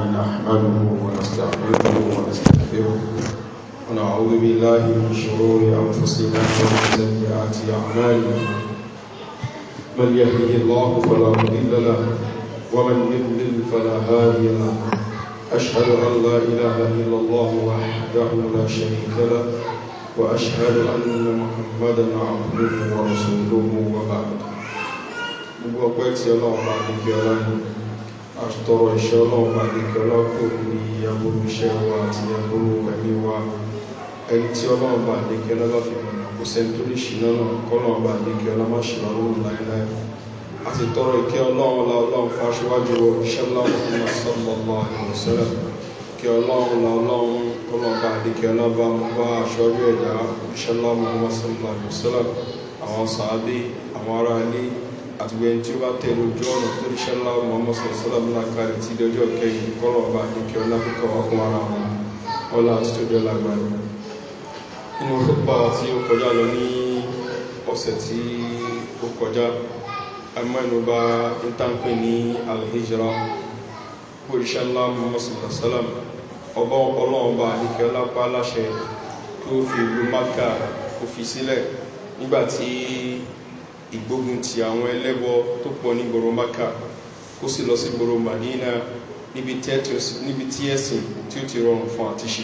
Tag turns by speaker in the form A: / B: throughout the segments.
A: نحمده ونستعينه ونستغفره ونعوذ بالله من شرور انفسنا ومن سيئات اعمالنا من يهده الله فلا مضل له ومن يضلل فلا هادي له اشهد ان لا اله الا الله وحده لا شريك له واشهد ان محمدا عبده ورسوله وبعد gbogbo ọpẹ الله ọlọrun bá ní àtọrọ ìṣẹ́ ọlọ́run àdékẹ́ ọlọ́pọ̀ ní ìyàbòrò iṣẹ́ wa àti ìyàbòrò ẹ̀mí wa ẹni tí ọlọ́run bá àdékẹ́ ọlọ́bá fi mọ̀nà kò sẹ́ni tó lè ṣìnà náà kọ́lọ́run bá àdékẹ́ ọlọ́má ṣìnà lóhùn láéláé a ti tọrọ ìkẹ́ ọlọ́run la ọlọ́run fáṣíwájú iṣẹ́ ńláwọ̀n sọ́lọ́lọ́ àìmọ̀sẹ́lẹ̀ kí ọlọ́run la ọlọ́run kọ́lọ́run bá àtìgbẹ́ tí ó bá tẹnu ojú ọ̀nà tó ní sẹ́lá mọ́mọ́ sọ̀rọ̀sọ́lá múlá kárí tí ìdọ́jọ́ kẹyìn kọ́lọ̀ ọba àdékẹ́ ọlápùpọ̀ ọkùn ara wọn ọlá àti tóbi ọlágbára nínú pípa tí ó kọjá lọ ní ọ̀sẹ̀ tí ó kọjá amẹ́nuba ń tánpẹ́ ní alhijra oríṣẹ́lá mọ́mọ́ sọ̀rọ̀sọ́lá ọba ọlọ́ọ̀ba àdékẹ́ ọlápá aláṣẹ tó fi ìlú mákà kò fi sílẹ̀ nígbàtí ìgbógun ti àwọn ẹlẹ́bọ tó pọ̀ ní maka kó sì lọ sí madina níbi tí ẹ̀sìn tí ó ti rọrùn fún àti ṣe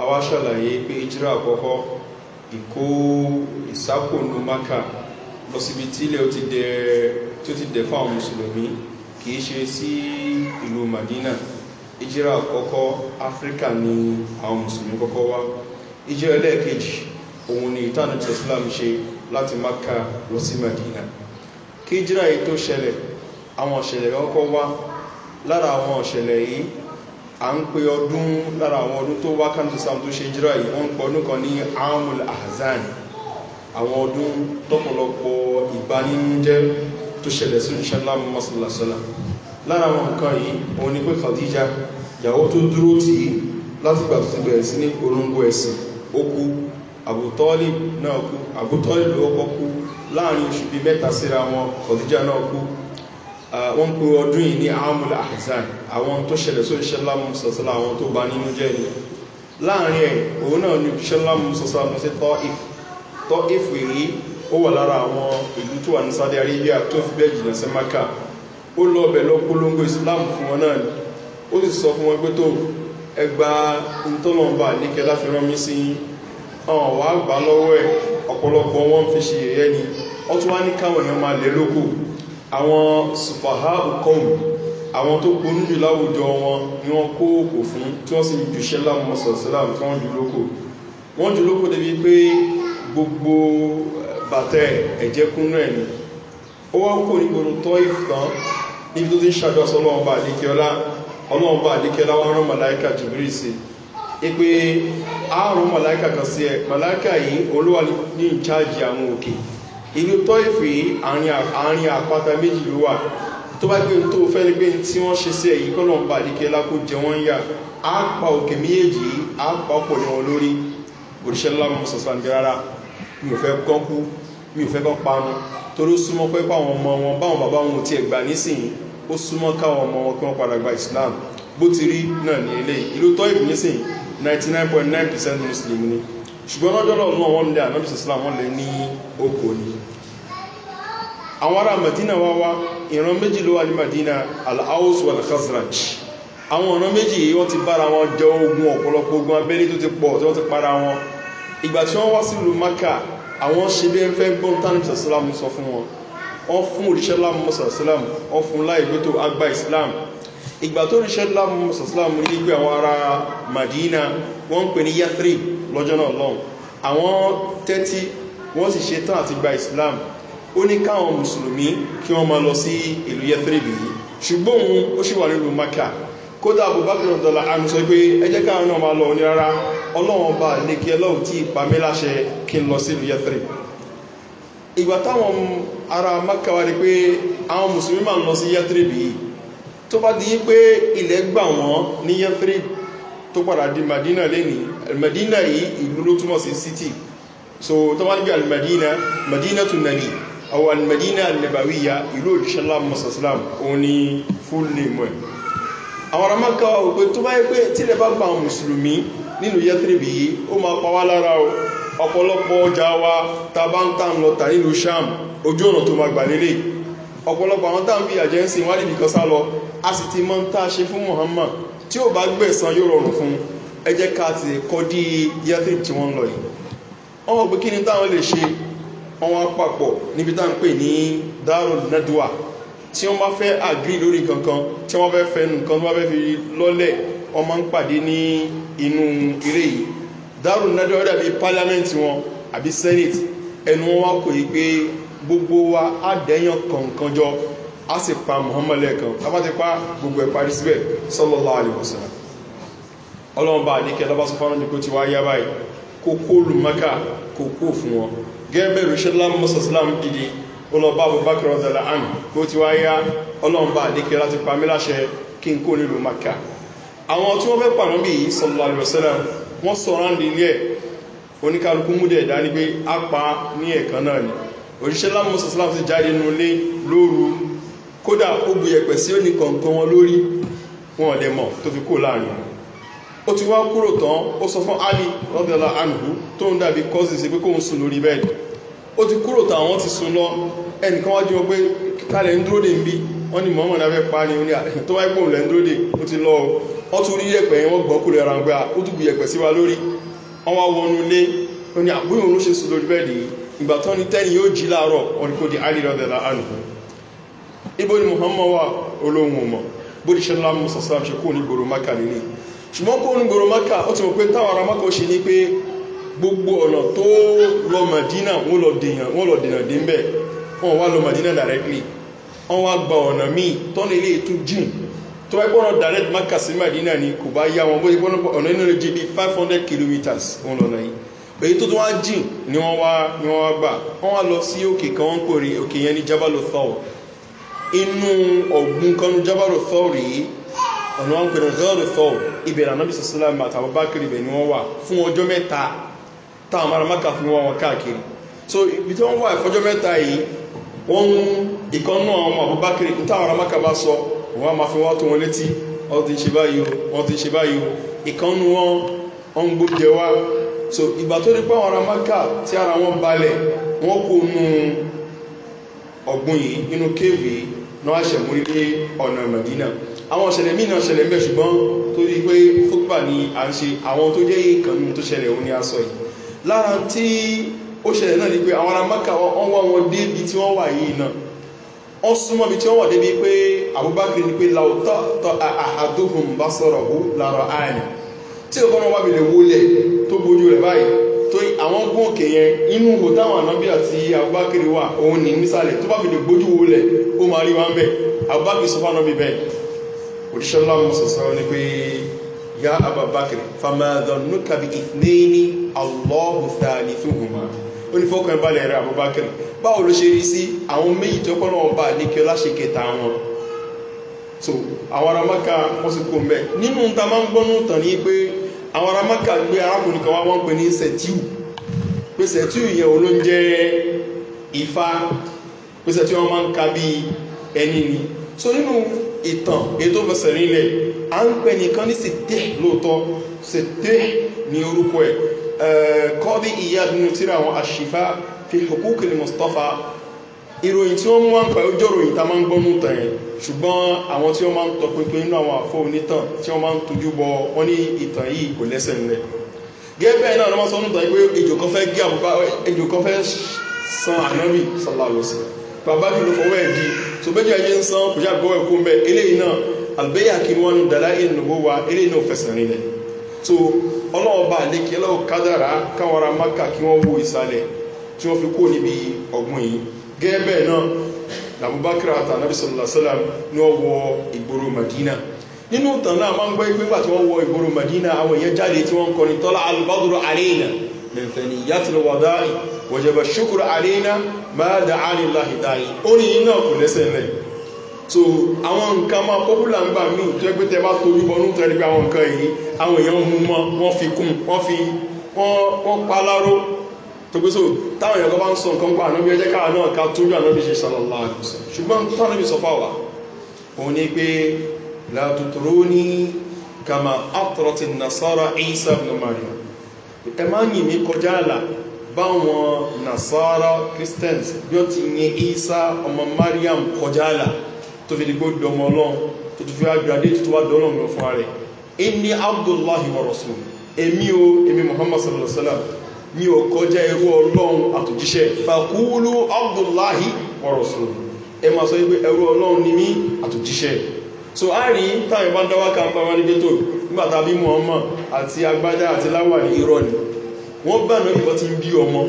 A: àwa ṣàlàyé pé ìjírà àkọ́kọ́ ìkó ìsákòónú maka lọ síbi tí ilẹ̀ tó ti dẹ̀ fáwọn mùsùlùmí kìí ṣe sí ìlú madina ìjírà àkọ́kọ́ áfíríkà ni àwọn mùsùlùmí kọ́kọ́ wá ìjírà ẹlẹ́ẹ̀kejì òun ni ìtànà tẹ̀sílámù ṣe láti maka lọ sí madina kí jíra yìí tó ṣẹlẹ̀ àwọn ọ̀ṣẹ̀lẹ̀ kọ́kọ́ wá lára àwọn ọ̀ṣẹ̀lẹ̀ yìí à ń pe ọdún lára àwọn ọdún tó wá kánú sam tó ṣe jíra yìí wọ́n ń pọ ọdún kan ní amul ahzan àwọn ọdún tọ́pọ̀lọpọ̀ ìbánijẹ́ tó ṣẹlẹ̀ sí ṣẹlá masalasala lára àwọn nǹkan yìí òun ni pé khadija ìyàwó tó dúró tì í látìgbà tó ti bẹ̀rẹ̀ sí ní orúngbó ẹ̀sìn ó kú àbútọ́lì náà kú àbútọ́lì ló kọ́ kú láàrin oṣù bí mẹ́ta síra wọn ọ̀díjà náà kú wọ́n pè ọdún yìí ní amul ahzan àwọn tó ṣẹlẹ̀ sórí ṣẹlámù sọ̀sọ́lá àwọn tó bá nínú jẹ́ ni láàrin ẹ̀ òun náà ní ṣẹlámù sọ̀sọ́lá mọ̀ sí tọ́if tọ́if rí ó wà lára àwọn ìlú tó wà ní saudi arabia tó fi bẹ́ẹ̀ jìnà sí maka ó lọ bẹ̀ lọ polongo islam fún wọn náà ó sì sọ fún wọn pé tó ẹgbàá ntọ́lọ́mbà níkẹ́ láfi rán mi sí yín àwọn wà gbà lọ́wọ́ ẹ̀ ọ̀pọ̀lọpọ̀ wọn fi ṣe yẹ̀yẹ́ ni ọ tún wá ní káwọn èèyàn máa lè lókò àwọn sùfàhà òkòwò àwọn tó gbónú jù láwùjọ wọn ni wọ́n kó òkò fún tí wọ́n sì jù ṣẹ́lá mọ́sọ̀sílá tí wọ́n jù lókò wọ́n jù lókò débi pé gbogbo eh, bàtẹ́ ẹ̀jẹ̀kúnú ẹ̀ ni ó wá kò ní gbogbo tọ́ ìfìtàn níbi tó ti ń ṣàjọsọ ọlọ́ọ̀bà àdíkẹ́ọlá ọlọ́ọ̀bà àdíkẹ́ọlá wọn rán màláìkà jùbírí sí i ipe àrùn mọ̀láíkà kan sí ẹ mọ̀láíkà yìí olúwa ní ìcháàjì àwọn òkè ìlú tọ́ ìfì àárín àpáta méjì ló wà tó bá gbé tó fẹ́ lé pé tí wọ́n ṣe sí ẹ̀yìn kọ́ lọ́n bá àdíkẹ́ lákó jẹ wọ́n yà á pa òkè méjèèjì á pa ọ̀pọ̀ ní wọn lórí òṣìṣẹ́ lámọ̀ sọ̀sọ̀ àti rárá mi ò fẹ́ kán kú mi ò fẹ́ kán panu torí ó súnmọ́ pé báwọn ọmọ wọn báwọn bàbá wọn ò tiẹ̀ gbà nísìnyí ó súnmọ́ káwọn ọmọ wọn kí wọ́n padà gba islam bó ti rí náà ní eléyìí ìlú tọ́ ìbù nísìnyí 99.9% muslim ni ṣùgbọ́n lọ́jọ́ lọ́wọ́ náà wọ́n lé ànábì islam wọ́n lé ní oko ni àwọn ará madina wá wá ìran méjì ló wà ní madina al-haus wal khazraj àwọn ọ̀nà méjì yìí wọ́n ti bára wọn jẹ ogun ọ̀pọ̀lọpọ̀ ogun abẹ́lé tó ti pọ̀ tí wọ́n ti para wọn ìgbà tí wọ́n wá sílùú maka àwọn ṣe bí ẹn fẹ́ gbọ́n tánìbì sàṣílámù sọ fún wọn wọ́n fún òrìṣẹ́lámù mọ́sàṣílámù wọ́n fún láì gbẹ́tò àgbà ìsìlámù ìgbà tó ríṣẹ́ láàmù sàsíláàmù ní gbé àwọn ará madina wọ́n ń pè ní yathrib lọ́jọ́ náà lọ́n àwọn tẹ́tí wọ́n sì ṣe tán àti gba islam ó ní káwọn mùsùlùmí kí wọ́n máa lọ sí ìlú yathrib yìí ṣùgbọ́n òun ó ṣì wà nílùú maka kódà abubakar ọ̀dọ́là àmì sọ pé ẹjẹ́ káwọn náà máa lọ ní rárá ọlọ́wọ́n bá lè kí ẹlọ́run tí ìpamí láṣẹ kí n lọ sí ìlú yathrib ìgbà táwọn ará maka wà ní pé àwọn mùsùlùmí máa lọ sí yathrib yìí tó bá di pé ilẹ̀ gbà wọ́n ní yathrib tó padà di madina lẹ́ni madina yìí ìlú ló túnmọ̀ sí city so tó bá níbi almadina madina tún nàbí àwọn almadina alnabawiya ìlú òjíṣẹ́lá masaslam òun ni full name ẹ̀ àwọn ramaka wà pé tó bá yẹ pé tílẹ̀ bá gba àwọn mùsùlùmí nínú yathrib yìí ó máa pa wá lára o ọ̀pọ̀lọpọ̀ ọjà wa ta bá ń tàn lọ tà nílùú sham ojú ọ̀nà tó máa gbà lélẹ̀ ọ̀pọ̀lọpọ̀ àwọn tàbí àjẹ́sìn wá níbi kan sá lọ a sì ti mọ́ ń tá a ṣe fún muhammad tí ó bá gbé ẹ̀sán yóò rọrùn fún ẹ jẹ́ ká ti kọ́ dí yathrib tí wọ́n ń lọ yìí wọ́n mọ̀ pé kí ni táwọn lè ṣe wọ́n wá papọ̀ níbi tá à ń pè ní darul nadwa tí wọ́n bá fẹ́ àgbì lórí kankan tí wọ́n fẹ́ fẹ́ nǹkan tí wọ́n fẹ́ fi lọ́lẹ̀ wọ́n máa ń pàdé ní inú eré yìí darul nadwa dàbí parliament wọn àbí senate ẹnu wọn wá kò yí pé gbogbo wa àdéyàn kọ̀ọ̀kan jọ a sì pa muhammad lẹ́ẹ̀kan a bá ti pa gbogbo ẹ̀ parí síbẹ̀ sallallahu alaihi wasallam ọlọ́run bá ní kẹlọ́bá sọ fánà ní kó ti wá yá báyìí kó kó lù maka kó kó fún wọn gẹ́gẹ́ rìṣẹ́lá mọ́sàsílám dìde ọlọ́ba abubakar ọ̀dàlà àn kó ti wá yá ọlọ́run bá ní kẹlá ti pa mí láṣẹ kí n kó nílùú maka àwọn tí wọ́n fẹ́ pàná bí yìí sallallahu alaihi wasallam wọ́n sọ ráńdì ilé ẹ̀ oníkálukú múdẹ̀ dání pé a pa ní ẹ̀kan náà ni òṣìṣẹ́lá mọ́sàsílám ti kódà ó bu yẹ̀pẹ̀ sí òní kọ̀ọ̀kan wọn lórí wọn ọ̀dẹ̀ mọ̀ tó fi kó láàrin ó ti wá kúrò tán ó sọ fún ali rọ́dẹ̀lá ànùbú tó ń dàbí kọ́sì sí pé kó ń sùn lórí bẹ́ẹ̀dì ó ti kúrò tán àwọn ti sùn lọ ẹnìkan wájú wọn pé kálẹ̀ ń dúró dè ń bí wọ́n ní mọ́mọ́ náà fẹ́ pa ni oní tó wáyé pòun lẹ́ ń dúró dè ó ti lọ wọ́n tún rí yẹ̀pẹ̀ yẹn wọ́n gbọ́ kúrò ẹran gbé ó tún bu yẹ̀pẹ̀ sí wa lórí wọ́n wá wọnú ilé ó ní àbúrò ló ṣe sùn lórí bẹ́ẹ̀dì ìgbà tán ni tẹ́ni yóò jí láàárọ̀ wọn ni kò di ali rọ́dẹ̀lá ànùbú ibo muhammad wa olóhun mọ̀ bó ti ṣẹlá mú sàsàlám ṣe kúrò ní gbòrò maka nínú ṣùgbọ́n kúrò ní gbòrò maka ó ti mọ̀ pé táwọn ará maka ó ṣe ní pé gbogbo ọ̀nà tó lọ madina wọ́n lọ dènà dé ń wọ́n wá lọ madina directly wọ́n wá gba ọ̀nà míì tọ́nà ilé ètò jìn tó bá gbọ́nà direct maka sí madina ni kò bá yá wọn bó ti gbọ́nà ọ̀nà inú lè jìn bí five hundred kilometres wọ́n lọ náà yìí èyí tó tó wá jìn ni wọ́n wá gbà wọ́n wá lọ sí òkè kan wọ́n ń òkè yẹn ní jabalothor inú ọ̀gbun kanu jábàrò fọ́ọ̀rì ọ̀nà wọn pẹ̀lú gọ́ọ̀rù fọ́ọ̀rì ibẹ̀rẹ̀ anábì sọ́sílámà àtàwọn bá kiri ibẹ̀ ni wọ́n wà fún ọjọ́ mẹ́ta táwọn ará maka fún wọn káàkiri so ibi tí wọ́n wà ìfọ́jọ́ mẹ́ta yìí wọ́n ń ìkan náà ọmọ àbúbákiri táwọn ará maka bá sọ wọ́n á máa fi wá tó wọn létí wọ́n ti ń ṣe báyìí o wọ́n ti ń ṣe báyìí ìkan nu wọn ọ̀ ń gbóúnjẹ wá so ìgbà tó ní pé àwọn maka tí ara wọn balẹ̀ wọ́n kó nu ọ̀gbun yìí nínú kéèvì yìí náà ṣẹ̀ mú nílé ọ̀nà Mẹ̀dínà àwọn ọ̀ṣẹ̀lẹ̀ mí náà ṣẹlẹ̀ mẹ́ ṣùgbọ́n tó rí pé fúgbà ni a ń ṣe àwọn tó jẹ́ ìkànnì tó ṣẹlẹ̀ òun ni a sọ yìí lára tí ó ṣẹlẹ̀ náà ni pé àwọn ará Mákà wọ́n wá wọn débi tí wọ́n wà yìí náà wọ́n súnmọ́ bí tí wọ́n wà débi pé Abubakar ni pé lautọ́ tọ́ àhàdóhùn bá sọ̀rọ̀ hù lára àyàn tí ó kọ́ wọn wá bèèrè wọlé tó bójú rẹ̀ báyìí tó àwọn gún òkè yẹn inú ihò táwọn ànábì àti abubakar wà òun ní nísàlẹ̀ tó bá fi lè gbójú wo lẹ̀ ó máa rí wa ń bẹ̀ abubakar sọ fún ànábì bẹ́ẹ̀ òṣìṣẹ́ láwọn sọ̀sọ́ ni pé ya abubakar famadhanu kabi ìfúnẹ́ni allahu thani fúnhùnmá ó ní fọ́kàn balẹ̀ rẹ̀ abubakar báwo ló ṣe rí sí àwọn méjì tó kọ́ náà bá ní kí ọlá ṣe kẹta wọn so àwọn aramaka wọ́n sì kó mẹ́ nínú ta máa ń gbọ́nú tàn ní pé àwọn ará maka gbé arákùnrin kan wá wọ́n pè ní sẹ̀tíù pé sẹ̀tíù yẹn ò ló ń jẹ́ ifá pé sẹ̀tíù wọn máa ń ka bí ẹni ni so nínú ìtàn ètò fẹsẹ̀ nílẹ̀ à ń pè nìkan ní sètè lóòótọ́ sètè ní orúkọ ẹ̀ kọ́dí ìyá nínú tíra àwọn àṣìfá fi hukukil Mustafa ìròyìn tí wọ́n mú wá ń pẹ̀ ó jẹ́ ìròyìn tá máa ń gbọ́nú tàn yẹn ṣùgbọ́n àwọn tí wọ́n máa ń tọpinpin inú àwọn àfọ́ onítàn tí wọ́n máa ń tojú bọ wọ́n ní ìtàn yìí kò lẹ́sẹ̀ ńlẹ̀ gẹ́gẹ́ náà lọ́mọ sọ́nù tàn pé ejò kan fẹ́ gé àbúkà ejò kan fẹ́ san ànábì sàlàlọ́sì bàbá mi ló fọwọ́ ẹ̀ di tó bẹ́jọ́ ẹ̀jẹ̀ ń san kò ṣàgbọ́wọ́ ẹ̀kú gẹ́ẹ̀bẹ̀ náà làbúbákírà àtànábì sallallahu alaihi wasallam ní ọwọ́ ìgboro madina nínú ìtàn náà máa ń gbọ́ ipé pàtí wọ́n wọ ìgboro madina àwọn èèyàn jáde tí wọ́n kọrin tọ́lá albadru arena mẹ́fẹ̀ni yàtìlọ́wọ̀dáì wọ̀jẹ̀bẹ̀ ṣukuru arena máa da arìnláhì dáì ó ní iná kò lẹ́sẹ̀ so àwọn nǹkan máa pọ́pùlà ń gbà míì tó ẹgbẹ́ tẹ bá torí bọnú tẹ́rí pé àwọn nǹkan tògbésò táwọn èèyàn kan bá ń sọ nǹkan pa ànábi ẹjẹ́ káà náà ká tójú ànábi ṣe sàlọ́lá àgbẹ̀sọ̀ ṣùgbọ́n tánàbí sọ fáwà òun ni pé látòtòrò ní kama àtọ̀rọ̀tì nasara isa ibn mariam ẹ máa ń yìn mí kọjá àlà báwọn nasara christians bí ó ti yin isa ọmọ mariam kọjá àlà tó fi dìgbò dọmọ ọlọ́run tó tó fi agbàdé tó wá dọ́lọ́run lọ fún ààrẹ ní ọkọjá irú ọlọ́run àtòjíṣẹ́ fàkúlù abdullahi wa rasuluhu ẹ máa sọ wípé ẹrú ọlọ́run ni mí àtòjíṣẹ́ so a rí táwọn ìbá dáwà kan bá wá nígbé tó nígbàtà bí muhammad àti agbádá àti láwà ní irọ́ ni wọ́n bá náà ìbọn ti ń bí ọmọ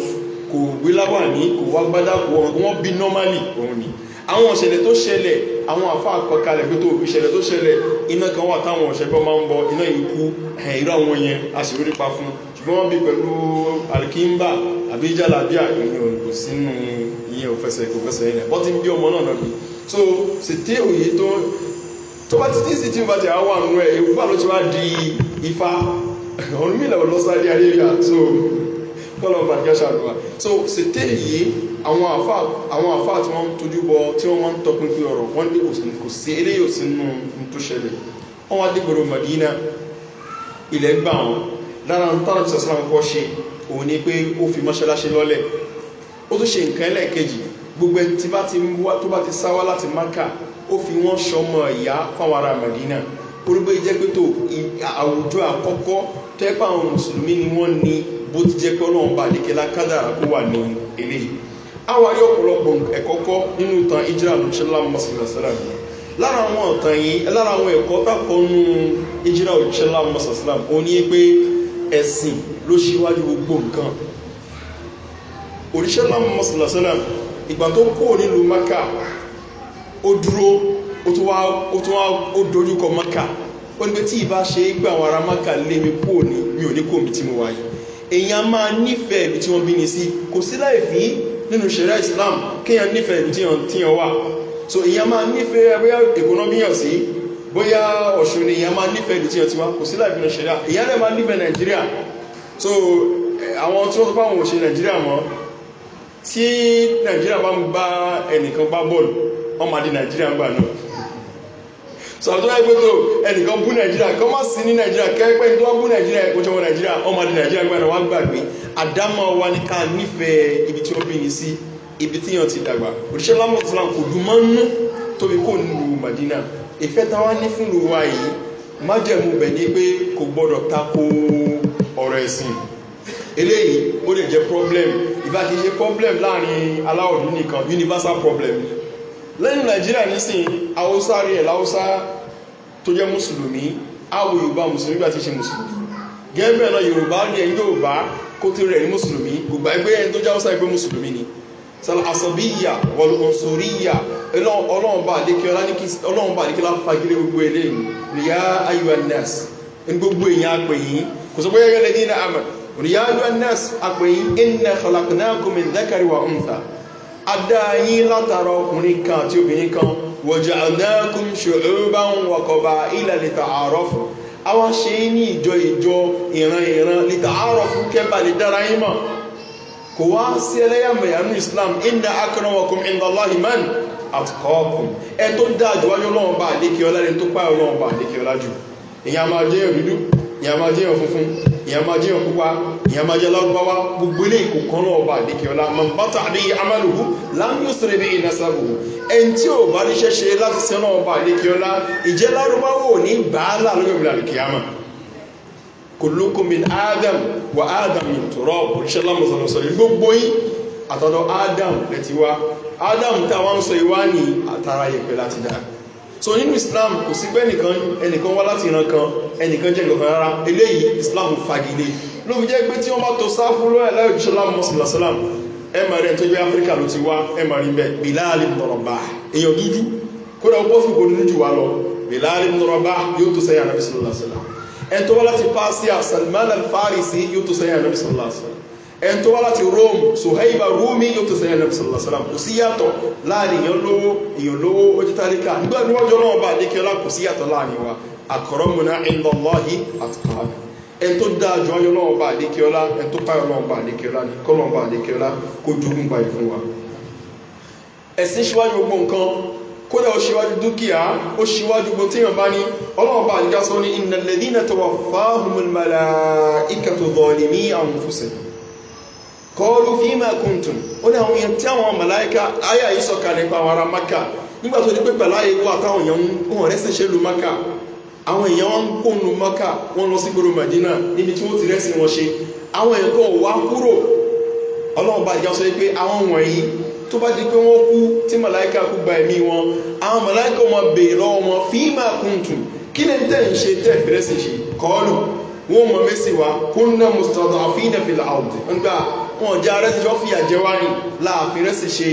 A: kò gbé láwà ní kò wá gbádá kò wọ́n bí normally òun ni àwọn ọ̀ṣẹ̀lẹ̀ tó ṣẹlẹ̀ àwọn àfá àkọkalẹ̀ pé tó ìṣẹ̀lẹ̀ tó ṣẹlẹ̀ iná kan wà táwọn ọ̀ṣẹ̀gbọ́n máa ń bọ iná ìkú ẹ̀rọ àwọn yẹn a sì rí pa fún ṣùgbọ́n bí pẹ̀lú alkimba àbí jálàbíà ìyẹn òyìnbó sínú ìyẹn òfẹsẹ̀ kò fẹsẹ̀ ilẹ̀ bọ́ ti ń bí ọmọ náà náà bí so ṣètè òye tó tó bá ti ní sí tí n bá ti àwọn àrùn rẹ̀ ewu bá ló ti wá di ifá ọ̀run mi lọ́wọ́ lọ́sàdí arábíà so kọ́lọ̀ bàdígáṣà ló wà so ṣètè yìí àwọn àfà àwọn àfà tí wọ́n tójú bọ tí wọ́n wọ́n tọpinpin ọ̀rọ̀ wọ́n ní kò sí eléyìí ò sínú tó ṣẹlẹ̀ wọ́n wá dé gbòòrò mọ̀dínà ilẹ̀ gbà wọn lára ń tọ́rọ tí sọ́sọ́rọ̀ kọ́ ṣe òun ni pé ó fi mọ́ṣáláṣí lọ́lẹ̀ ó tún ṣe nǹkan ẹlẹ́ẹ̀kejì gbogbo ẹni tí bá ti ń wá tó bá ti sáwá láti maka ó fi wọ́n ṣọmọ ìyá fáwọn ará madina orúgbó jẹ́ pé tó àwùjọ àkọ́kọ́ tẹ́pà àwọn mùsùlùmí ni wọ́n ní bó ti jẹ́ pé ọlọ́run bá lékè lákàdà kó wà ní eléyìí àwọn ayé ọ̀pọ̀lọpọ̀ ẹ̀kọ́kọ́ nínú ìtàn ìjírà lùsọ́lá mọ́sálásálà yìí lára àwọn ọ̀tàn yìí lára àwọn ẹ̀kọ́ tàkọ́nú ìjírà lùsọ́lá mọ́sálásálà òní pé ẹ̀sìn ló ṣíwájú gbogbo nǹkan òríṣẹ́ láwọn mọ́sílọ̀sẹ́lẹ̀ ìgbà tó kó nílùú maka ó dúró ó tó wá ó dojúkọ maka ó ní pé tí ìbá ṣe é gbà àwọn ará maka lé mi kó ní mi ò ní kó mi tí mo wáyé èèyàn máa nífẹ̀ẹ́ ibi tí wọ́n bí ni sí kò sí láìfí nínú ṣẹ̀rẹ́ islam kéèyàn nífẹ̀ẹ́ ibi tí wọ́n wà so èèyàn máa nífẹ̀ẹ́ ẹgbẹ́ èkó náà bíyàn sí bóyá ọ̀ṣun ni ìyẹn máa nífẹ̀ẹ́ ní tí ẹ ti wá kò sí láìpínà ṣẹ̀dá ìyẹn lẹ́ máa nífẹ̀ẹ́ nàìjíríà so àwọn tí wọ́n tó báwọn òṣè nàìjíríà mọ́ tí nàìjíríà bá ń bá ẹnìkan bá bọ́ọ̀lù wọ́n máa di nàìjíríà ń gbà náà so àtọ́ ẹgbẹ́ tó ẹnìkan bú nàìjíríà kọ́ má sí ní nàìjíríà kẹ́pẹ́ tó wá bú nàìjíríà ẹ̀kọ́ jọmọ nàìjíríà wa ní ká nífẹ̀ẹ́ ibi tí wọ́n bí yín sí ibi ìfẹ́ tá wá ní fúnlù wa yìí májẹ̀mú bẹ̀ ni pé kò gbọ́dọ̀ tako ọ̀rọ̀ ẹ̀sìn eléyìí ó lè jẹ́ problem ìbá kìí problem láàrin aláwọ̀ dúdú nìkan universal problem lẹ́nu nàìjíríà nísìn haúsá rí ẹ̀ láúsá tó jẹ́ mùsùlùmí àwọ̀ yorùbá mùsùlùmí gbà ti ṣe mùsùlùmí gẹ́gẹ́ bẹ́ẹ̀ náà yorùbá ní ẹ̀yìn yorùbá kó tó rẹ̀ ní mùsùlùmí gbogbo ẹgbẹ́ ẹni tó jẹ́ haúsá ẹgbẹ́ mùsùlùmí ni asọ̀bíyà wọlọ́sọ̀ríyà ọlọ́ọ̀bá àdékẹ́lá fagilé gbogbo eléyìí ríyá ayuannas ní gbogbo èyàn apẹ̀yìn kò sọ pé yẹ́rẹ́ lẹ́dí ní àmà ríyá ayuannas apẹ̀yìn iná kọlakùnákùnmí dákàríwà ọ̀nta adáyín látara ọkùnrin kan àti obìnrin kan wọ̀jà anákùn ṣòrúbá ń wakọba ilẹ̀ lítà àárọ̀fù àwọn ṣe kò wá sí ẹlẹ́yàmẹ̀yà ní islam inda akramakum inda Allahi man atqakum ẹ tó dáa jù wájú ọlọ́run bá àdékè ọlá ẹni tó pa ọlọ́run bá àdékè ọlá jù ìyá máa jẹ́ ìrúdú ìyá máa jẹ́ ọ̀funfun ìyá máa jẹ́ ọ̀pupa ìyá máa jẹ́ lárúbáwá gbogbo ilé ìkò kan náà bá kullukum min adam wa adam min turab òṣìṣẹ́lá mọ̀sánmọ̀sánmọ̀ gbogbo yín àtọ́dọ̀ adam lẹ́ti wá adam táwọn sọ ìwá ní àtàrà ìpẹ́ láti dá so nínú islam kò sí pé nìkan ẹnìkan wá láti ìran kan ẹnìkan jẹ́ nǹkan rárá eléyìí islam fagilé ló fi jẹ́ pé tí wọ́n bá to sáfú lọ́yà láyò òṣìṣẹ́lá mọ̀sánmọ̀sánmọ̀ ẹmà rẹ̀ tó jẹ́ áfíríkà ló ti wá ẹmà rí bẹ́ mọ̀rọ̀bá èèyàn dúdú kódà ó bọ́ fún ìgbòdúdú jù wá lọ bìláàlì mọ̀rọ̀bá yóò tó sẹ́yà nàbísọ̀lọ́sọ̀lá ẹni tó wá láti Persia Salman al-Farisi yóò tó sẹ́yìn Ànábì sallallahu alaihi wasallam ẹni tó wá láti Rome Suhaiba Rumi yóò tó sẹ́yìn Ànábì sallallahu alaihi wasallam kò sí yàtọ̀ láàrin èèyàn lówó èèyàn lówó ojú tálíkà nígbà tí wọ́n jọ náà bá lékẹ́ ọlá kò sí yàtọ̀ láàrin wa akramuna inda Allahi atqakum ẹni kódà ó ṣíwájú dúkìá ó ṣíwájú gbogbo tíyàn bá ní ọlọ́run bá nígbà sọ ní ìnàlẹ́dínà tó wà fáhùn mọ̀lá ìkàtò bọ̀ọ̀lì ní àwọn òfúsẹ̀ kọlu fi ma kuntun ó ní àwọn èèyàn tí àwọn mọ̀láíkà ayà yìí sọ̀kà nípa àwọn ará maka nígbà tó di pé pẹ̀lú ayé wà táwọn èèyàn ń hàn rẹ́sìn ṣe lu maka àwọn èèyàn wọn ń kónu maka wọn lọ sí gbòòrò madina níbi tí wọn ti rẹ́sìn wọn ṣe àwọn èèyàn kan wá kúrò ọlọ́run bá ìjà sọ pé àwọn wọ̀nyí tó bá di pé wọ́n kú tí màláìka kú gba ẹ̀mí wọn àwọn màláìka wọn bèèrè lọ́wọ́ wọn fi máa kún tù kí ni tẹ́ ń ṣe tẹ́ bẹ̀rẹ̀ sí ṣe kọ́ọ̀lù wọn mọ̀ mẹ́sì wa kó ná mustapha àfihàn ìfìlà àwùjọ nígbà wọn jẹ́ arẹ́sì ṣọ́ fìyà jẹ́ wá ní láàfin rẹ́sì ṣe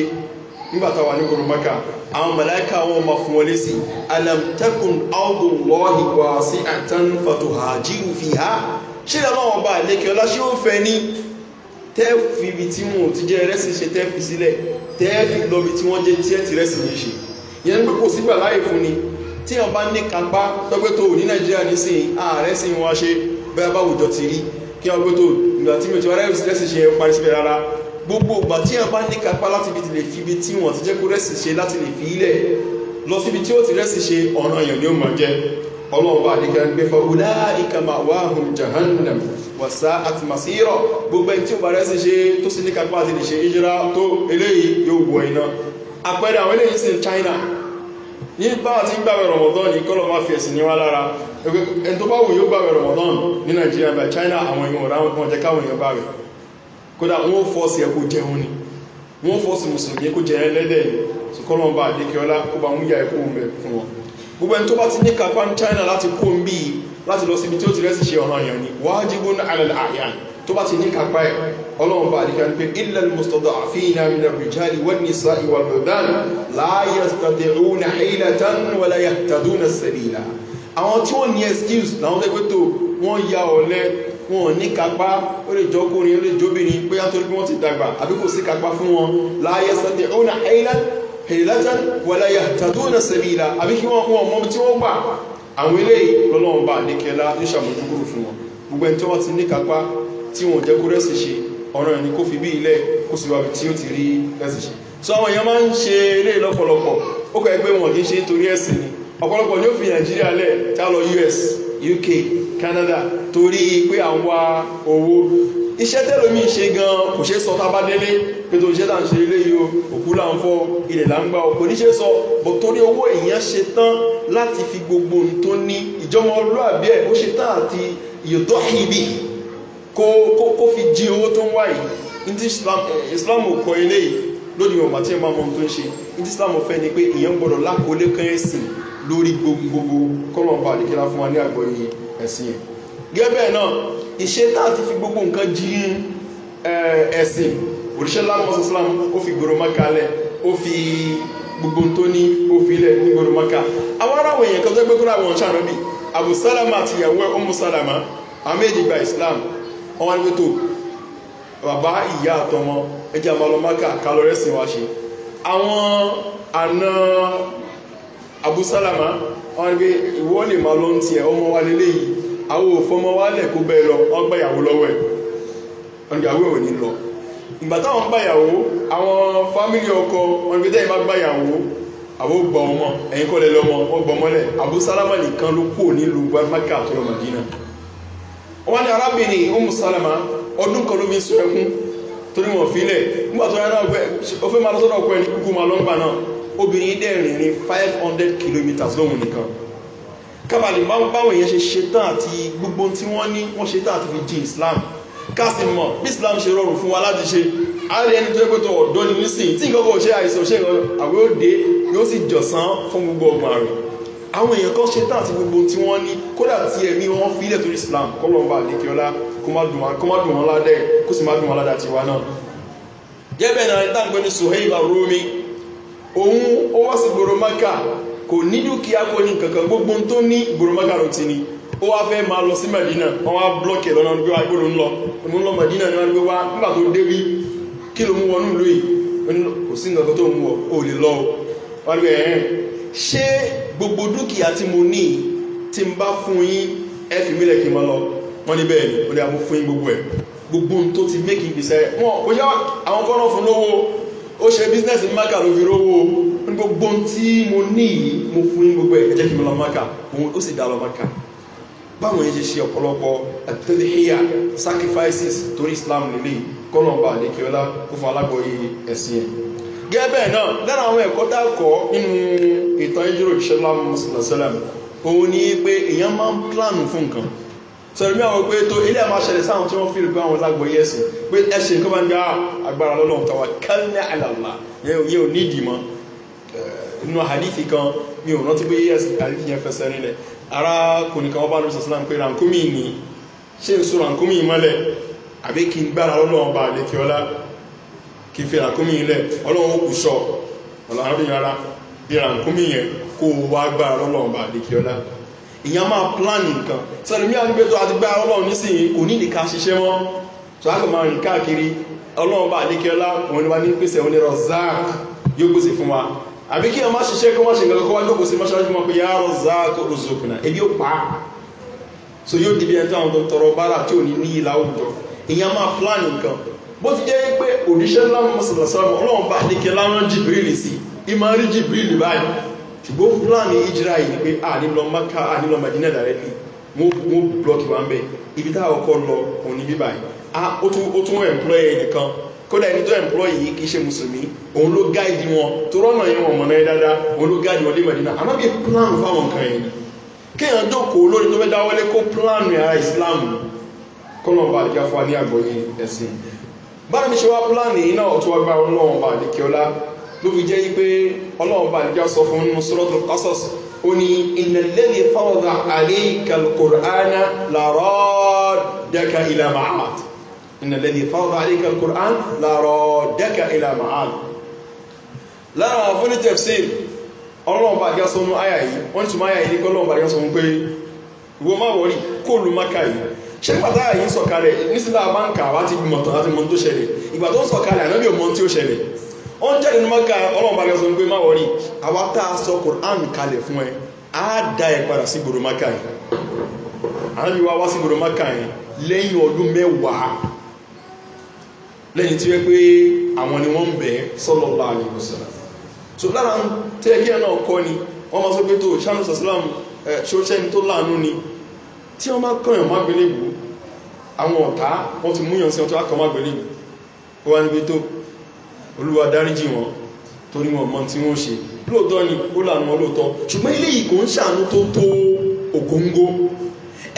A: nígbà táwa ní gbogbo maka àwọn màláìka wọn máa fún wọn lésì alamtakun aldun lọ́ọ̀hì wa sí àtàn fatuhaji fiha ṣé ìdáná wọn bá tẹ́ẹ̀fì ibi tí wọn ti jẹ́ rẹ́sì ṣe tẹ́ẹ̀fì sílẹ̀ tẹ́ẹ̀fì lọ́bi tí wọ́n jẹ́ tí ẹ̀ tìrẹ́ sì ní ṣe ìyẹn pé kò sígbà láyè fún ni tí wọ́n bá ní kápá tọ́gbẹ́ tó ní nàìjíríà nísìnyí ààrẹ sì ń wá ṣe bẹ́ẹ̀ bá wùjọ ti rí kí wọ́n gbé tó ìgbà tí mi ti wọ́n rẹ́sì rẹ́sì ṣe parí síbẹ̀ rárá gbogbo ìgbà tí wọ́n bá ní kápá láti fi lè fi ibi tí wọ́n ti jẹ́ kó rẹ́sì ṣe láti lè fi ilẹ̀ lọ síbi tí ó ti rẹ́sì ṣe ọ̀ràn èèyàn ni ó máa jẹ́ ọlọ́run bá àdíkà ń gbé fọ́wọ́lá ìkàmà wáhùn jahannam wàsá àti masíra gbogbo ẹni tí ó bá rẹ̀ sí ṣe tó sí ní kápá àti lè ṣe ìjírá tó eléyìí yóò wọ iná àpẹẹrẹ àwọn eléyìí sí china ní bá àti gbàwẹ̀ rọ̀mọ̀dán ní kọ́lọ̀ máa fi ẹ̀sìn níwá lára ẹni tó bá wù yóò gbàwẹ̀ rọ̀mọ̀dán ní nàìjíríà bá china àwọn èèyàn ọ̀rá wọn jẹ́ káwọn èèyàn gbàwẹ̀ kódà wọ́n fọ́ọ̀sì ẹ̀kọ́ jẹun ni wọ́n fọ́ọ̀sì mùsùlùmí kó jẹ ẹlẹ́dẹ̀ẹ́ sùkọ́lọ̀ àdékẹ́ọ́lá kó bá ń yà ẹ̀kọ́ fún wọn gbogbo ẹni tó bá ti ní kàfá ní china láti kó ń bí i láti lọ síbi tí ó ti rẹ́sì ṣe ọ̀ràn èèyàn ni wájibó ní alẹ́ àyàn tó bá ti ní kàfá ẹ̀ ọlọ́run bá àdìkà ní pé ilẹ̀ mustapha àfihàn àmìnà rìjáde wọ́n ní sa ìwà lọ́dán láàyè tàbí òun àìlẹ̀ tán wọlé yàtàdún àwọn tí wọ́n ní excuse làwọn tẹ́gbẹ́ tó wọ́n ya ọ̀lẹ́ wọn ní kápá ó lè jọkùnrin ó lè jóbìnrin pé á bí wọ́n ti dàgbà àbí sí kápá fún wọn láàyè sàtẹ̀ òun àìlẹ̀ hilatan wala yahtaduna sabila àbí kí wọ́n wọ́n mọ́ tí wọ́n gbà àwọn eléyìí lọ́lọ́run bá níkẹlá ní ṣàmójúkúrò fún wọn gbogbo ẹni tí wọ́n ti níkápá tí wọ́n jẹ́ kó rẹ́sì ṣe ọ̀rọ̀ ẹni kó fi ó kọ̀ ẹgbẹ́ wọn kì í ṣe nítorí ẹ̀sìn ni ọ̀pọ̀lọpọ̀ ní ó fi Nàìjíríà lẹ̀ tá US UK Canada torí pé à ń wá owó iṣẹ́ tẹ́lómi ṣe gan kò ṣe sọ tábá délé pé tó iṣẹ́ tà ń ṣe ilé yóò òkú là ń fọ́ ilẹ̀ là ń gbá ọkọ̀ níṣẹ́ sọ bọ̀ torí owó èèyàn ṣe tán láti fi gbogbo ohun tó ní ìjọmọ olúàbí ẹ̀ ó ṣe tán àti ìyòtọ́ ìbí kó fi jí owó tó ń wá ní Islam eh, kọ ilé yìí lónìí ọmọ àti ẹ̀mọ́ ọmọ tó ń ṣe ní Islam fẹ́ ni pé èèyàn gbọ́dọ̀ lákòólé kan ẹ̀sìn lórí gbogbogbò kọ́lọ̀ọ̀bà àdìkẹ́lá fún wa ní àgbọ̀yé ẹ̀sìn yẹn gẹ́bẹ̀ náà ìṣe táà ti fi gbogbo nǹkan jí ẹ̀sìn òṣìṣẹ́lá mọ́sílám ó fi gbòrò maka lẹ̀ ó fi gbogbo tó ní ó fi lẹ̀ ní gbòrò maka àwọn aráwọ̀ èèyàn kan tó gbé kúrò àwọn ṣàrọ̀ bí abu salama àti ìyàwó ọmọ salama ahmed gba islam ọmọ ní pẹ́tò bàbá ìyá àtọmọ ẹjẹ àmàlọ maka kálọrẹsìn wa ṣe àwọn àna Abu Salama wọ́n gbé ìwọ́ lè máa lọ ti ẹ̀ ọmọ wa lélẹ́ yìí àwọn òfọmọ wa lẹ̀ kó bẹ́ẹ̀ lọ wọ́n gbà ìyàwó lọ́wọ́ ẹ̀ wọ́n gbà wẹ́wẹ̀ ní lọ ìgbà táwọn gbà ìyàwó àwọn fámílì ọkọ wọ́n gbé tẹ́yìn bá gbà ìyàwó àwọn ògbà ọmọ ẹ̀yìn kọ́ lẹ lọ́mọ wọ́n gbọ́ mọ́lẹ̀ Abu Salama nìkan ló kú nílùú Maka àti Salama ọdún kan ló fi sọ ẹkún torí wọn fi lẹ̀ nígbà tó yára ọfẹ́ máa lọ sọ́dọ̀ ọkọ ẹni kúkú máa náà obìnrin dẹ̀ rìnrìn five hundred kilometres lóhun nìkan kábàlì báwọn èèyàn ṣe ṣetán àti gbogbo tí wọ́n ní wọ́n ṣetán àti fi jin islam káàsì mọ̀ bí islam ṣe rọrùn fún wa láti ṣe àárẹ̀ ẹni tó yẹ pé tó ọ̀dọ́ ni nísìnyí tí nǹkan kò ṣe àìsàn ṣe nǹkan àwẹ̀ òde yóò sì jọ̀sán fún gbogbo ọgbà rẹ̀ àwọn èèyàn kan ṣetán àti gbogbo tí wọ́n ní kódà tí ẹ̀mí wọn fi ilẹ̀ tó islam kọ́lọ́mbà àdékẹ́ọ́lá kó má dùn wọn ládẹ́ kó sì má dùn wọn ládàá tiwa náà gẹ́gẹ́ bẹ́ẹ̀ náà ìtàǹgbẹ́ni sùhẹ́ ìbà rómi òun ó wá sí gbòrò maka kò ní dúkìá kò ní kankan gbogbo tó ní gbòrò ló ti ní ó wá fẹ́ máa lọ sí madina wọ́n wá blọ́kì lọ́nà gbé wá gbòrò ń lọ mú lọ madina ni wọ́n gbé wá nígbà tó dé rí kí ló mú wọnú ìlú yìí kò sí nǹkan tó mú wọ ó lè lọ wọ́n gbé ẹ̀rìn ṣé gbogbo dúkìá tí mo ní tí n bá fún yín ẹ fi mílẹ̀ kí máa lọ wọ́n ní bẹ́ẹ̀ ni ó lè amú fún yín gbogbo ẹ̀ gbogbo tó ti mékì gbèsè wọn bóyá àwọn kọ́nà ó ṣe business ní maka ló fi rówó ní gbogbo tí mo ní yìí mo fún ní gbogbo ẹ̀ jẹ́ kí lọ maka ó sì dá lọ maka báwọn yẹn ṣe ṣe ọ̀pọ̀lọpọ̀ àtẹ́lẹ́hìyà sacrifices torí Islam nílé kọ́lọ̀mbà lẹ́kẹ́ọ́lá kó fún alágbọ̀ọ́yé ẹ̀sìn ẹ̀ gẹ́bẹ̀ náà lára àwọn ẹ̀kọ́ dákọ̀ nínú ìtàn ìjírò ìṣẹ́lá mọ́sílẹ̀sẹ́lẹ̀ òun ni pé èèyàn máa ń plánù fún nǹkan sọ̀rọ̀ mi àwọn pé tó ilé àmà ṣẹlẹ̀ sáwọn tí wọ́n fi rí pé àwọn lágbọ̀ yẹ́ sí pé ẹṣẹ̀ nǹkan bá ń dá agbára lọ́lọ́run tàwa kẹ́lẹ́ àlàlà yóò ní ìdìmọ́ nínú hadithi kan mi ò rántí pé yẹ́ sí hadithi yẹn fẹsẹ̀ rinlẹ̀ ara kò nìkan wọ́n bá lóṣù sàlám pé rankumi ni ṣé n so rankumi mọ́lẹ̀ àbí kí n gbára lọ́lọ́run bá lè kí ọlá kí n fi rankumi lẹ̀ ọlọ́run kù sọ ọ̀làrábìnrin rárá bí rankumi yẹn kó o wá gbára lọ́lọ́run bá lè kí ọlá ìyẹn máa plan nǹkan sẹ́lùmí à ń gbé tó àti gbá ọlọ́run nísìnyí kò ní nìka ṣiṣẹ́ mọ́ tó á máa rìn káàkiri ọlọ́run bá àdékẹ́ ọlá òun ni wá ní pèsè òun ni Razak yóò pèsè fún wa àbí kí ẹ má ṣiṣẹ́ kó má ṣe nǹkan kó wá jókòó sí mọ́ṣáláṣí mọ́ pé yá Razak ruzukna ebi ó pa so yóò dìbí ẹni táwọn tó tọrọ bára tí ò ní ní ìlà òjò ìyẹn máa plan nǹkan bó ti jẹ́ pé òdíṣẹ́ ńlá mọ́sálásí ọlọ́run bá àdékẹ́ ọlá rán Jibril sí ìmọ̀ rí Jibril báyìí ṣùgbọ́n plan ìjírá yìí ni pé a nílọ maka a nílọ madina directly mo block wa ń bẹ̀ ibi tá ọkọ̀ lọ òun ní bíbá yìí ó tún employ nìkan kódà ẹni tó employ yìí kìí ṣe mùsùlùmí òun ló guide wọn tó rọ́nà yìí wọn mọ̀nà dáadáa òun ló guide wọn dé madina àmọ́ bí plan fáwọn nǹkan yìí kéèyàn jókòó lórí tó fẹ́ dáwọ́lé kó plan ara islam kọ́nà ọba àdìgá fún wa ní àgbọ̀yé ẹ̀sìn bára mi ṣe wá plan yìí náà ọ̀tún wá gbára ọlọ́wọ́n ọba àdìkẹ́ ọlá ló fi jẹ́ wípé ọlọ́run bá jẹ́ sọ fún nínú sọ́lọ́tún kásọ̀s ó ní ìnàlẹ́lẹ̀ fáwọ̀dà àríkàlùkùránà làrọ́ dẹ́ka ilà mahamad ìnàlẹ́lẹ̀ fáwọ̀dà àríkàlùkùránà làrọ́ dẹ́ka ilà mahamad lára fún tefsir ọlọ́run bá jẹ́ sọ nínú àyà yìí wọ́n ti máa yà yìí kọ́lọ́run bá jẹ́ sọ pé ìwọ má wọrí kó lu maka yìí ṣé pàtà yìí sọ̀kalẹ̀ nísìlá ti gbìmọ̀tàn láti mọ tó ṣẹlẹ̀ ìgbà tó sọ̀kalẹ̀ àná ó ń jáde ní mọ́ká ọlọ́ọ̀bá gẹ́sọ̀ ń gbé máa wọ̀rí àwa tá a sọ Qur'an kalẹ̀ fún ẹ á da ẹ padà sí gbòdò mọ́ká yìí àárín wa wá sí gbòdò mọ́ká yìí lẹ́yìn ọdún mẹ́wàá lẹ́yìn tí wẹ́ pé àwọn ni wọ́n ń bẹ̀ sallallahu alaihi wasallam so lára ń tẹ́ kí ẹ náà kọ́ ni wọ́n máa sọ pé tó ṣáàmù sàsílám ṣoṣẹ́ni tó láàánú ni tí wọ́n máa kọ́yàn má gbélébù àwọn ọ̀tá wọ́n ti múyàn sí ọ̀tọ́ akọ̀ má gbélébù wọ́n wá níbi tó olúwa dáríjì wọn torí wọn mọ tí wọ́n ṣe lóòótọ́ ni ó lànà wọn lóòótọ́ ṣùgbọ́n eléyìí kò ń ṣàánú tó tó ògóńgó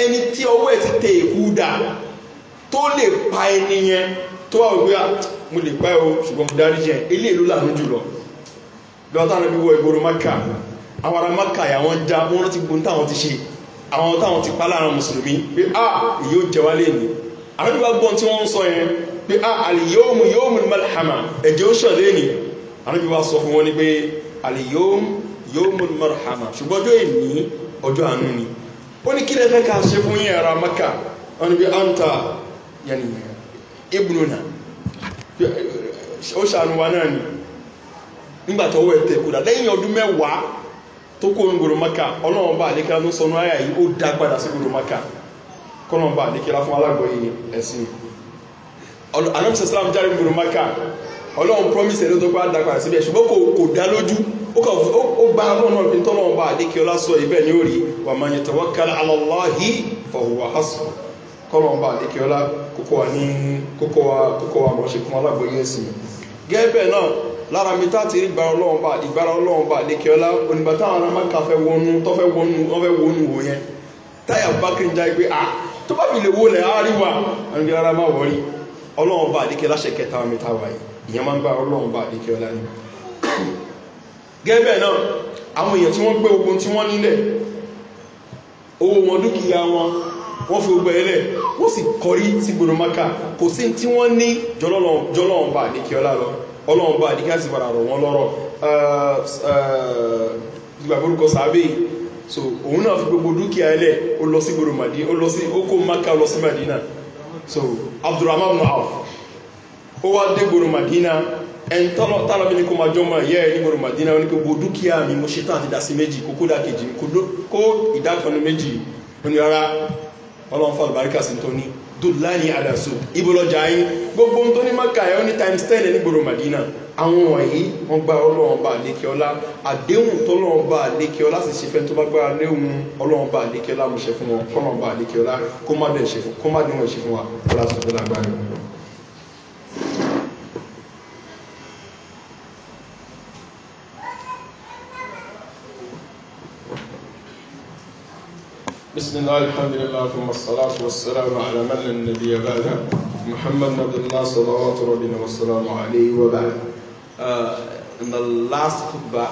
A: ẹni tí ọwọ́ ẹ̀ ti tẹ èkú dà tó lè pa ẹni yẹn tó wà wípé ah, mo lè pa ẹ o ṣùgbọ́n mo dáríjì ẹ eléyìí ló lànà jùlọ lọ́wọ́ táwọn ẹbí wọ ìgboro maka àwọn ará maka yà já wọ́n rántí gbóhùn táwọn ti ṣe àwọn táwọn ti pa láàrin mùsùlùmí pé ah èyí ó jẹ wálé ni àwọn ìgbàgbọ́n tí wọ́n ń sọ yẹn pé a ah, àlìyóòmù yóòmù malhama ẹ̀jẹ̀ ó ṣàn lẹ́ni anábí wa sọ fún wọn ni pé àlìyóòmù yóòmù malhama ṣùgbọ́jọ́ èní ọjọ́ àánú ni ó ní kí lẹ fẹ́ ká ṣe fún yín ara maka wọn ni pé anta yẹni ibùnà ó ṣàánú wa náà ni nígbà tó wẹ̀ tẹ̀ kúrò lẹ́yìn ọdún mẹ́wàá tó kó ń gbòrò maka ọlọ́run bá àlékẹ́lá ló sọnù yìí ẹ̀sìn anamsa islam jáde gbòòrò maka ọlọ́run promise ẹ̀rọ tó bá dàgbà síbẹ̀ ṣùgbọ́n kò dá lójú ó gba ọlọ́run náà pín tọ́lọ́run bá àdékè ọlá sọ ibẹ̀ ní orí wà man yatawakkal ala Allahi fahuwa hasbuh kọ́lọ́run bá àdékè ọlá kókó wa ní kókó wa kókó wa mọ̀ ṣe fún alágbóyè ẹ̀sìn gẹ́gẹ́ náà lára mi tá ti rí gbára ọlọ́run bá ìgbára ọlọ́run bá àdékè ọlá onígbà táwọn ará maka fẹ́ wọnú tó fẹ́ wọnú wọ́n fẹ́ wọnú wò yẹn táyà bá kí n já pé ah tó bá fi lè wọlé àárí wa àwọn ìgbéra máa wọrí ọlọ́run bá àdíkẹ́ láṣẹ kẹta mẹ́ta wáyé ìyẹn máa ń bá ọlọ́run bá àdíkẹ́ ọlá ní gẹ́gẹ́ náà àwọn èèyàn tí wọ́n gbé ogun tí wọ́n nílẹ̀ owó wọn dúkìá wọn wọ́n fi ogun ẹlẹ̀ wọ́n sì kọrí sí gbòrò maka kò sí tí wọ́n ní jọlọ́run bá àdíkẹ́ ọlá lọ ọlọ́run bá àdíkẹ́ sì padà rọ̀ wọ́n lọ́rọ̀ ìgbàgbórúkọ sàábé so òun náà fi gbogbo dúkìá ẹlẹ̀ ó lọ sí gbòrò màdí ó lọ sí ó kó maka lọ sí màdínà so abdulrahman bin auf ó wá dé gbòòrò madina ẹni tánà bí ní kó máa jọmọ ẹ̀yẹ́ ẹ̀ ní gbòòrò madina ó ní kó bo dúkìá mi mo ṣe tán àti dá sí méjì kó kódà kejì kó ìdákanu méjì ó ní rárá ọlọ́run fàlùbáríkà sí tó ní dùláni àdàsù ìbọ̀lọ́jà yìí gbogbo tó ní maka ẹ̀ ní times ten ni gbòòrò madina àwọn wọ̀nyí wọ́n gba ọlọ́run bá lékeọlá àdéhùn tọ́lọ́run bá lékeọlá sì ṣe fẹ́ tó bá gbára léhùn ọlọ́run bá lékeọlá mo ṣe fún wọn kọ́lọ́run bá lékeọlá kó má dùn ẹ̀ ṣe fún wa kó lásìkò lágbára بسم الله الحمد لله ثم الصلاة والسلام على من محمد الله صلوات ربنا والسلام عليه وبعد uh, In the last khutbah,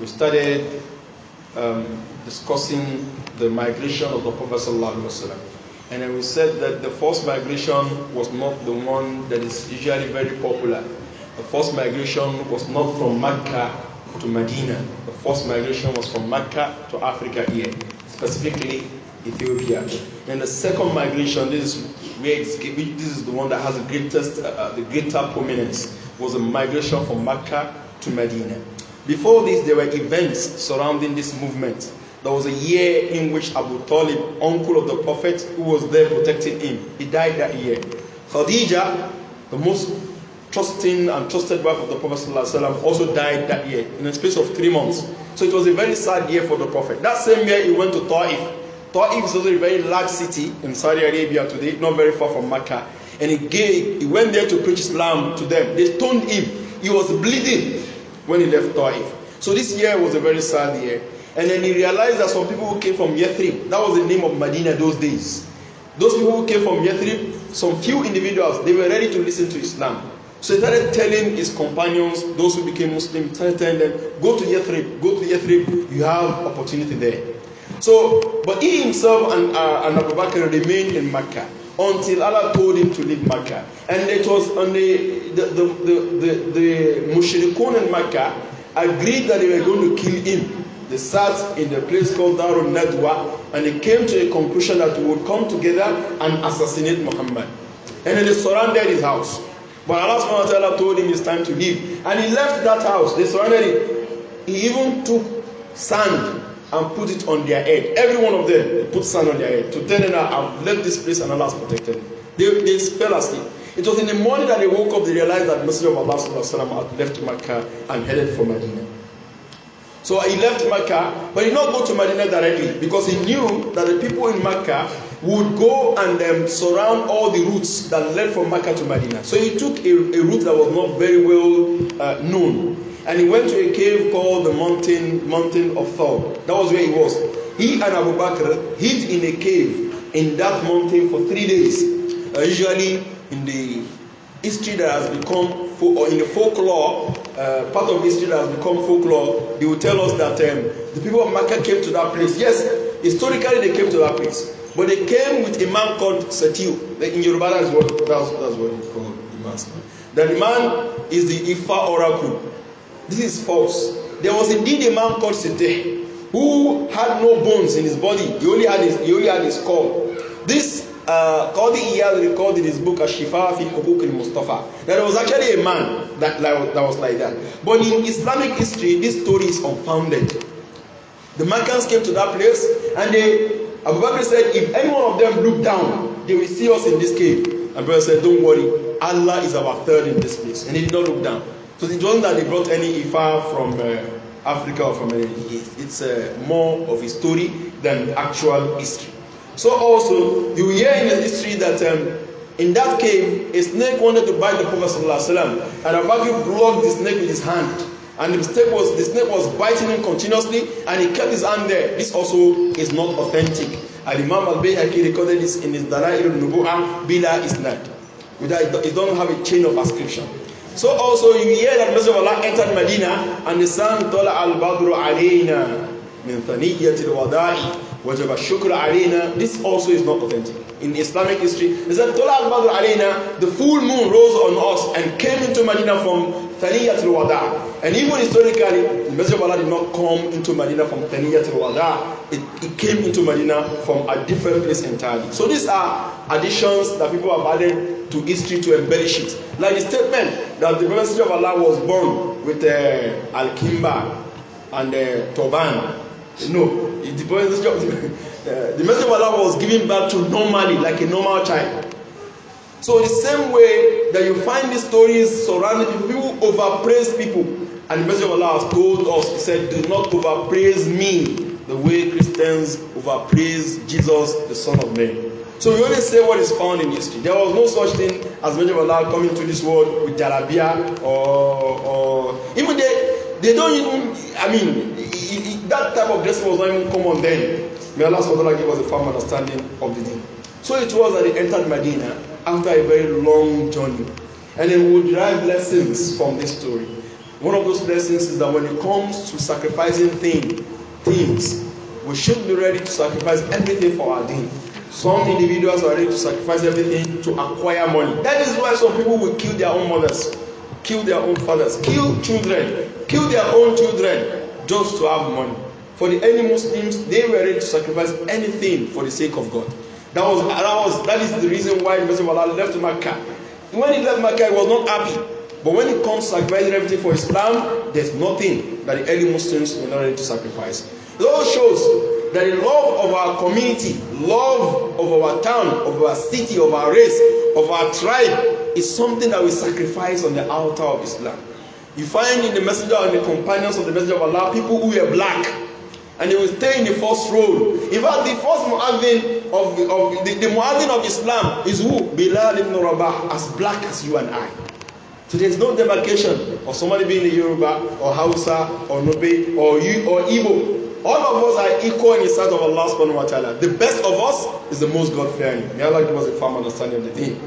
A: we started um, discussing the migration of the Prophet sallallahu alaihi wasallam. And then we said that the first migration was not the one that is usually very popular. The first migration was not from Mecca to Medina. The first migration was from Mecca to Africa here, specifically Ethiopia. Then the second migration, this is where this is the one that has the greatest, uh, uh the greater prominence, was a migration from Mecca to Medina. Before this, there were events surrounding this movement. There was a year in which Abu Talib, uncle of the Prophet, who was there protecting him, he died that year. Khadija, the most trusting and trusted wife of the Prophet ﷺ, also died that year in a space of three months. So it was a very sad year for the Prophet. That same year, he went to Ta'if Ta'if is also a very large city in Saudi Arabia today, not very far from Mecca. And he, gave, he went there to preach Islam to them. They stoned him. He was bleeding when he left Ta'if. So this year was a very sad year. And then he realized that some people who came from Yathrib, that was the name of Medina those days. Those people who came from Yathrib, some few individuals, they were ready to listen to Islam. So he started telling his companions, those who became Muslim, started telling them, go to Yathrib, go to Yathrib, you have opportunity there. So, but he himself and, uh, and Abu Bakr remained in Makkah until Allah told him to leave Makkah. And it was on the, the, the, the, the, the Mushrikun in Makkah agreed that they were going to kill him. They sat in a place called Darun Nadwa and they came to a conclusion that we would come together and assassinate Muhammad. And they surrounded his house. But Allah subhanahu told him it's time to leave. And he left that house. They surrounded it. He even took sand and put it on their head. Every one of them put sand on their head to tell them that I've left this place and Allah has protected me. They, they fell asleep. It was in the morning that they woke up, they realized that the Messenger of Allah sallam, had left Mecca and headed for Medina. So he left Mecca, but he did not go to Medina directly because he knew that the people in Mecca would go and um, surround all the routes that led from Mecca to Medina. So he took a, a route that was not very well uh, known. And he went to a cave called the mountain, mountain of Thor. That was where he was. He and Abu Bakr hid in a cave in that mountain for three days. Uh, usually in the history that has become or in the folklore uh, part of history that has become folklore they will tell us that um, the people of Makkah came to that place yes historically they came to that place but they came with a man called Satiu in Yoruba that's what that's, that's what he called the man that the man is the Ifa oracle This is false. There was indeed a man called Sete who had no bones in his body. He only had his, he only had his skull. This uh, Qadi Iyad recalled in his book Ashifa fi Hukuk al-Mustafa that there was actually a man that, that, was like that. But in Islamic history, this story is unfounded. The Makkans came to that place and they, Abu Bakr said, if any one of them look down, they will see us in this cave. And brother said, don't worry, Allah is our third in this place. And he did not look down. So the one that they brought any Ifa from uh, Africa or from uh, it's uh, more of a story than actual history. So also you hear in the history that um, in that cave a snake wanted to bite the Prophet sallam, and Abu Bakr blocked the snake with his hand. And the snake was the snake was biting him continuously, and he kept his hand there. This also is not authentic. Al Imam Al Bayhaqi recorded this in his Dara'ir al Nubu'ah bila Isnad. It, it don't have a chain of ascription. So also you hear that Messenger Allah entered Medina and the sun told al-badru alayna min thaniyatil wada'i wajaba shukr alayna. This also is not authentic. In Islamic history, it said tola al-badru alayna, the full moon rose on us and came into Medina from Taniyatul Wada. And even historically, the Messenger of Allah did not come into Medina from Taniyatul Wada. It, it came into Medina from a different place entirely. So these are additions that people have added to history to embellish it. Like the statement that the Messenger of Allah was born with uh, Al-Kimba and uh, Turban. No, the Messenger of Allah was given birth to normally, like a normal child. So the same way that you find these stories surrounding people, people overpraise people. And the message of Allah has told us, He said, Do not overpraise me the way Christians overpraise Jesus, the Son of Man. So we only say what is found in history. There was no such thing as message of Allah coming to this world with Jarabia or, or even they they don't even I mean it, it, that type of dressing was not even common then. May Allah subhanahu wa ta'ala give us a firm understanding of the thing. So it was that he entered Medina after a very long journey. And then we will derive lessons from this story. One of those lessons is that when it comes to sacrificing thing, things, we should be ready to sacrifice everything for our deen. Some individuals are ready to sacrifice everything to acquire money. That is why some people will kill their own mothers, kill their own fathers, kill children, kill their own children just to have money. For the early Muslims, they were ready to sacrifice anything for the sake of God. That was, that was that is the reason why the Messenger of Allah left Mecca. When he left Mecca, he was not happy. But when it comes to sacrificing everything for Islam, there is nothing that the early Muslims were not ready to sacrifice. It all shows that the love of our community, love of our town, of our city, of our race, of our tribe is something that we sacrifice on the altar of Islam. You find in the messenger and the companions of the messenger of Allah people who were black and he will stay in the first row. In fact, the first muadhin of, the, of the, the muadhin of Islam is who? Bilal ibn Rabah, as black as you and I. So there's no demarcation of somebody being a Yoruba or Hausa or Nobe or you or Igbo. All of us are equal in the sight of Allah subhanahu wa ta'ala. The best of us is the most God fearing. May Allah give us a firm understanding of the thing.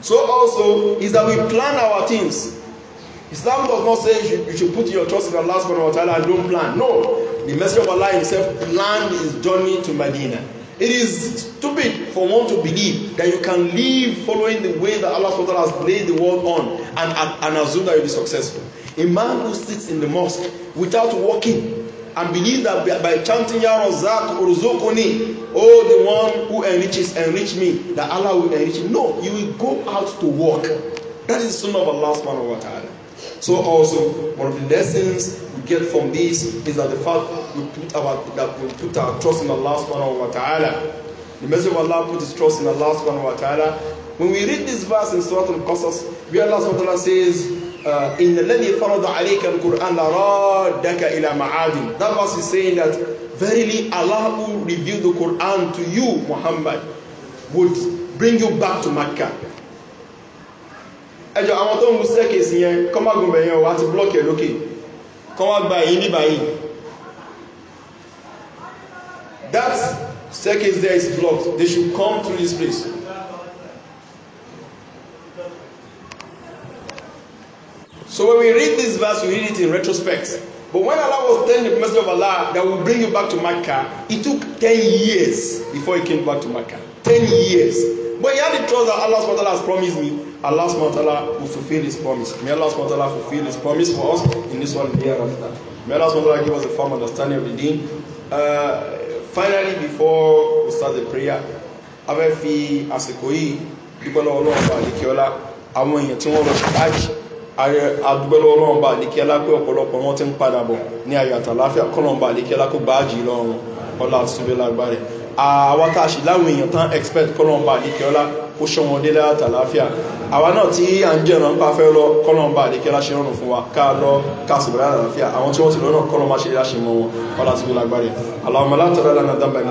A: So also is that we plan our things Islam does not say you should, you should put your trust in Allah subhanahu wa ta'ala and don't plan. No. The Messenger of Allah himself planned his journey to Medina. It is stupid for one to believe that you can live following the way that Allah subhanahu wa ta'ala has laid the world on and, and, and assume that you'll be successful. A man who sits in the mosque without walking and believe that by, by chanting Ya Razak Urzukuni, oh, the one who enriches, enrich me, that Allah will enrich you. No, you will go out to walk. That is the son of Allah subhanahu wa ta'ala. So also, one of the lessons we get from this is that the fact we put our that we put our trust in Allah subhanahu wa ta'ala. The Messenger of Allah put his trust in Allah subhanahu wa ta'ala. When we read this verse in Surah Al-Qasas, where Allah subhanahu wa ta'ala says, إِنَّ الَّذِي فَرَضَ عَلَيْكَ الْقُرْآنَ لَرَادَّكَ إِلَى مَعَادٍ That verse is saying that, Verily Allah who revealed the Qur'an to you, Muhammad, would bring you back to Mecca. ẹjọ́ àwọn tó ń gún staircase yẹn kọ́ má gùn bẹ̀yẹn wà ti blọ́ọ̀kì lókè kọ́ wá gba èyí níbà yìí that staircase there is blocked they should come through this place so when we read this verse we read it in retrospect but when Allah was telling the message of Allah that will bring you back to Makkah it took ten years before he came back to Makkah ten years but he had the trust that Allah has promised me Allah SWT will fulfill His promise. May Allah SWT fulfill His promise for us in this one year after. May Allah SWT give us a firm understanding of the deen. Uh, finally, before we start the prayer, a fẹ́ fi àsìkò yìí dúpẹ́lọ́ ọlọ́run bá àdíkíọ́lá àwọn èèyàn tí wọ́n lọ sí hajj adúpẹ́lọ́ ọlọ́run bá àdíkíọ́lá pé ọ̀pọ̀lọpọ̀ wọn ti ń padà bọ̀ ní ayọ̀ àtàláfíà kọ́lọ́run bá kó báàjì lọ́rùn ọlá àtúnṣe lágbára àwọn tá a sì láwọn èèyàn tán expect kọ́lọ́run bá kó ṣọ́ wọn délé àtàláfíà àwa náà tí à ń jẹ́ràn pa fẹ́ lọ kọ́lọ̀mbà àdíkẹ́ láṣẹ rọrùn fún wa ká lọ kásìbìrì àlàáfíà àwọn tí wọ́n ti lọ́nà kọ́lọ̀mbà ṣe láṣẹ mọ́ wọn ọlá ti fi lágbára aláwọ̀mọ́lá tọ́lá lánàá dábàá